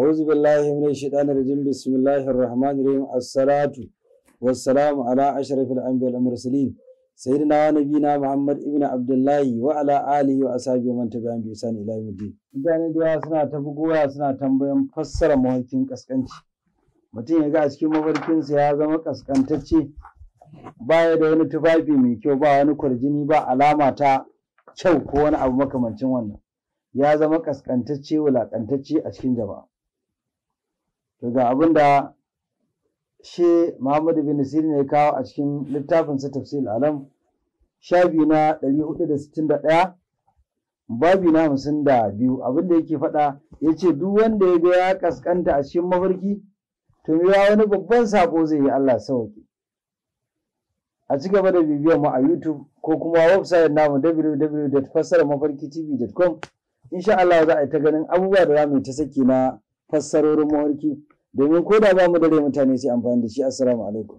أعوذ na من الشيطان الرجيم بسم الله الرحمن الرحيم الصلاة والسلام على أشرف الأنبياء والمرسلين سيدنا ونبينا محمد ابن عبد الله وعلى آله وأصحابه ومن تبعهم بإحسان إلى يوم الدين. mutane da yawa suna ta bugowa suna tambayan fassara mawarkin kaskanci mutum ya ga a cikin mafarkinsa ya zama kaskantacce baya da wani tufafi mai kyau ba wani kwarjini ba alama ta kyau ko wani abu makamancin wannan ya zama kaskantacce wulakantacce a cikin jama'a daga abin da shi Muhammadu bin Sirin ya kawo a cikin littafin littafinsa tafsir alam biyu na ɗari da da sittin 461 babi na hamsin da biyu abin da yake faɗa ya ce duk wanda ya ga ya kaskanta a cikin mafarki to ya wani babban saƙo zai yi Allah sauki a ci gaba da bibiyar mu a YouTube ko kuma website namu www.fassaramafarkitv.com insha Allah za a yi ta ganin abubuwa da za mu ta saki na fassarorin mafarki domin ko da ba mu dare mutane sai amfani da shi assalamu alaikum